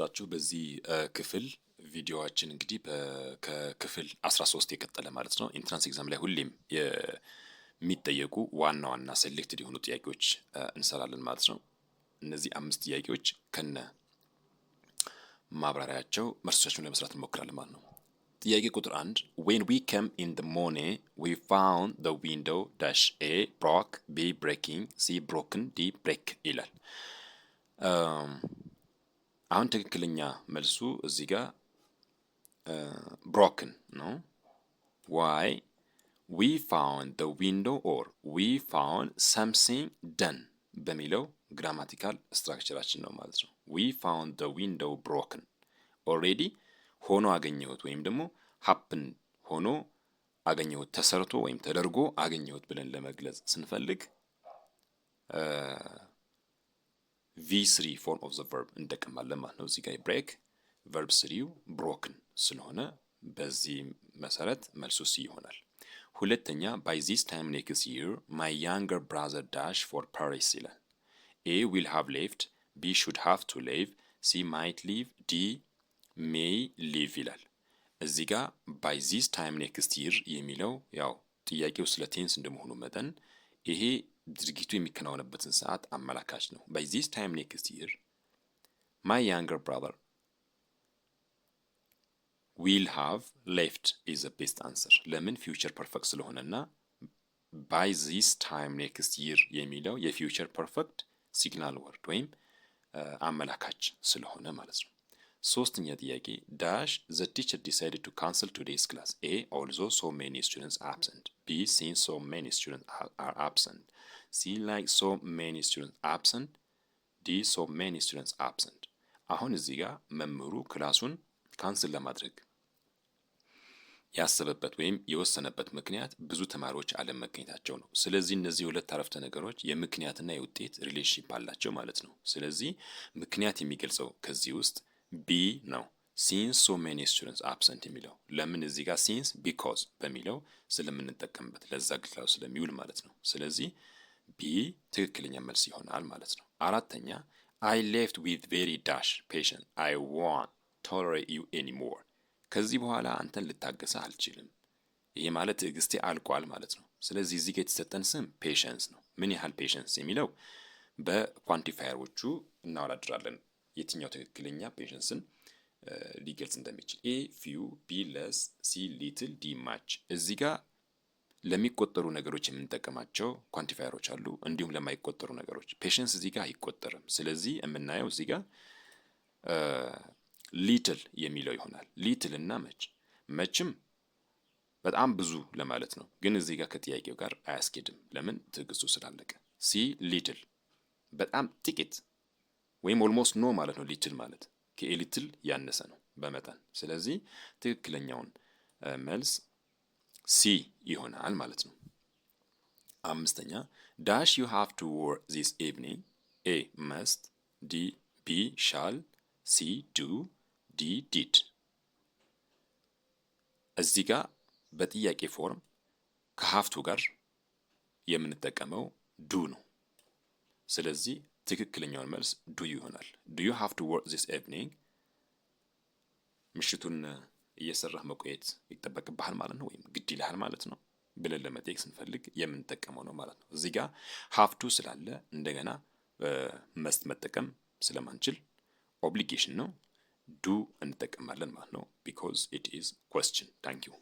ስለወጣችሁ በዚህ ክፍል ቪዲዮዋችን እንግዲህ ከክፍል 13 የቀጠለ ማለት ነው። ኢንትራንስ ኤግዛም ላይ ሁሌም የሚጠየቁ ዋና ዋና ሴሌክትድ የሆኑ ጥያቄዎች እንሰራለን ማለት ነው። እነዚህ አምስት ጥያቄዎች ከነ ማብራሪያቸው መልሶቻቸውን ለመስራት እንሞክራለን ማለት ነው። ጥያቄ ቁጥር አንድ ዌን ዊ ከም ኢን ደ ሞኔ ዊ ፋውንድ ደ ዊንዶው ዳሽ ኤ ብሮክ ቢ ብሬኪንግ ሲ ብሮክን ዲ ብሬክ ይላል። አሁን ትክክለኛ መልሱ እዚህ ጋር ብሮክን ነው። ዋይ ዊ ፋውንድ ደ ዊንዶው ኦር ዊ ፋውንድ ሰምሲንግ ደን በሚለው ግራማቲካል ስትራክቸራችን ነው ማለት ነው። ዊ ፋውንድ ደ ዊንዶው ብሮክን ኦልሬዲ ሆኖ አገኘሁት ወይም ደግሞ ሀፕን ሆኖ አገኘሁት ተሰርቶ ወይም ተደርጎ አገኘሁት ብለን ለመግለጽ ስንፈልግ ቪ3 ፎርም ኦፍ ዘ ቨርብ እንጠቀማለን ማለት ነው። እዚህ ጋር ብሬክ ቨርብ ስሪው ብሮክን ስለሆነ በዚህ መሰረት መልሱ ሲ ይሆናል። ሁለተኛ ባይ ዚስ ታይም ኔክስት ይር ማይ ያንገር ብራዘር ዳሽ ፎር ፓሪስ ይላል። ኤ ዊል ሃቭ ሌፍት፣ ቢ ሹድ ሃቭ ቱ ሌቭ፣ ሲ ማይት ሊቭ፣ ዲ ሜይ ሊቭ ይላል። እዚህ ጋር ባይ ዚስ ታይም ኔክስት ይር የሚለው ያው ጥያቄው ስለ ቴንስ እንደመሆኑ መጠን ይሄ ድርጊቱ የሚከናወንበትን ሰዓት አመላካች ነው። ባይ ዚስ ታይም ኔክስት ይር ማይ ያንገር ብራዘር ዊል ሃቭ ሌፍት ኢዝ ቤስት አንሰር። ለምን ፊውቸር ፐርፌክት ስለሆነና ባይ ዚስ ታይም ኔክስት ይር የሚለው የፊውቸር ፐርፌክት ሲግናል ወርድ ወይም uh, አመላካች ስለሆነ ማለት ነው። ሶስተኛ ጥያቄ ዳሽ ዘ ቲቸር ዲሳይድድ ቱ ካንስል ቱዴይስ ክላስ ኤ ኦልዞ ሶ ሜኒ ስቱደንትስ አብሰንት ቢ ሲን ሶ ሜኒ ስቱደንት አር አብሰንት ሲ ላይክ ሶ ሜኒ ስቱደንት አብሰንት ዲ ሶ ሜኒ ስቱደንትስ አብሰንት። አሁን እዚህ ጋር መምህሩ ክላሱን ካንስል ለማድረግ ያሰበበት ወይም የወሰነበት ምክንያት ብዙ ተማሪዎች አለመገኘታቸው ነው። ስለዚህ እነዚህ ሁለት አረፍተ ነገሮች የምክንያትና የውጤት ሪሌሽንሽፕ አላቸው ማለት ነው። ስለዚህ ምክንያት የሚገልጸው ከዚህ ውስጥ ቢ ነው። ሲንስ ሶ ሜኒ ስቱደንትስ አብሰንት የሚለው ለምን እዚህ ጋር ሲንስ ቢኮዝ በሚለው ስለምንጠቀምበት ለዛ ግላው ስለሚውል ማለት ነው። ስለዚህ ቢ ትክክለኛ መልስ ይሆናል ማለት ነው። አራተኛ አይ ሌፍት ዊዝ ቬሪ ዳሽ ፔሽንት አይ ዋን ቶለሬት ዩ ኤኒሞር ከዚህ በኋላ አንተን ልታገሰ አልችልም። ይሄ ማለት ትዕግስቴ አልቋል ማለት ነው። ስለዚህ እዚህ ጋ የተሰጠን ስም ፔሽንስ ነው። ምን ያህል ፔሽንስ የሚለው በኳንቲፋየሮቹ እናወዳድራለን። የትኛው ትክክለኛ ፔሸንስን ሊገልጽ እንደሚችል ኤ ፊው፣ ቢ ለስ፣ ሲ ሊትል፣ ዲ ማች። እዚህ ጋር ለሚቆጠሩ ነገሮች የምንጠቀማቸው ኳንቲፋየሮች አሉ፣ እንዲሁም ለማይቆጠሩ ነገሮች። ፔሽንስ እዚህ ጋር አይቆጠርም። ስለዚህ የምናየው እዚህ ጋር ሊትል የሚለው ይሆናል። ሊትል እና መች መችም በጣም ብዙ ለማለት ነው፣ ግን እዚህ ጋር ከጥያቄው ጋር አያስኬድም። ለምን? ትዕግስቱ ስላለቀ። ሲ ሊትል በጣም ጥቂት ወይም ኦልሞስት ኖ ማለት ነው። ሊትል ማለት ከኤሊትል ያነሰ ነው በመጠን ስለዚህ ትክክለኛውን መልስ ሲ ይሆናል ማለት ነው። አምስተኛ ዳሽ ዩ ሃቭ ቱ ወር ዚስ ኤቭኒንግ ኤ መስት ዲ ቢ ሻል ሲ ዱ ዲ ዲድ። እዚህ ጋር በጥያቄ ፎርም ከሀፍቱ ጋር የምንጠቀመው ዱ ነው። ስለዚህ ትክክለኛውን መልስ ዱዩ ይሆናል። ዱዩ ሃቭ ቱ ወርክ ዚስ ኤቭኒንግ ምሽቱን እየሰራህ መቆየት ይጠበቅብሃል ማለት ነው፣ ወይም ግድ ይልሃል ማለት ነው ብለን ለመጠየቅ ስንፈልግ የምንጠቀመው ነው ማለት ነው። እዚህ ጋር ቱ ስላለ እንደገና መስት መጠቀም ስለማንችል ኦብሊጌሽን ነው ዱ እንጠቀማለን ማለት ነው። ቢኮዝ ኢት ኢዝ ኮስችን ታንኪዩ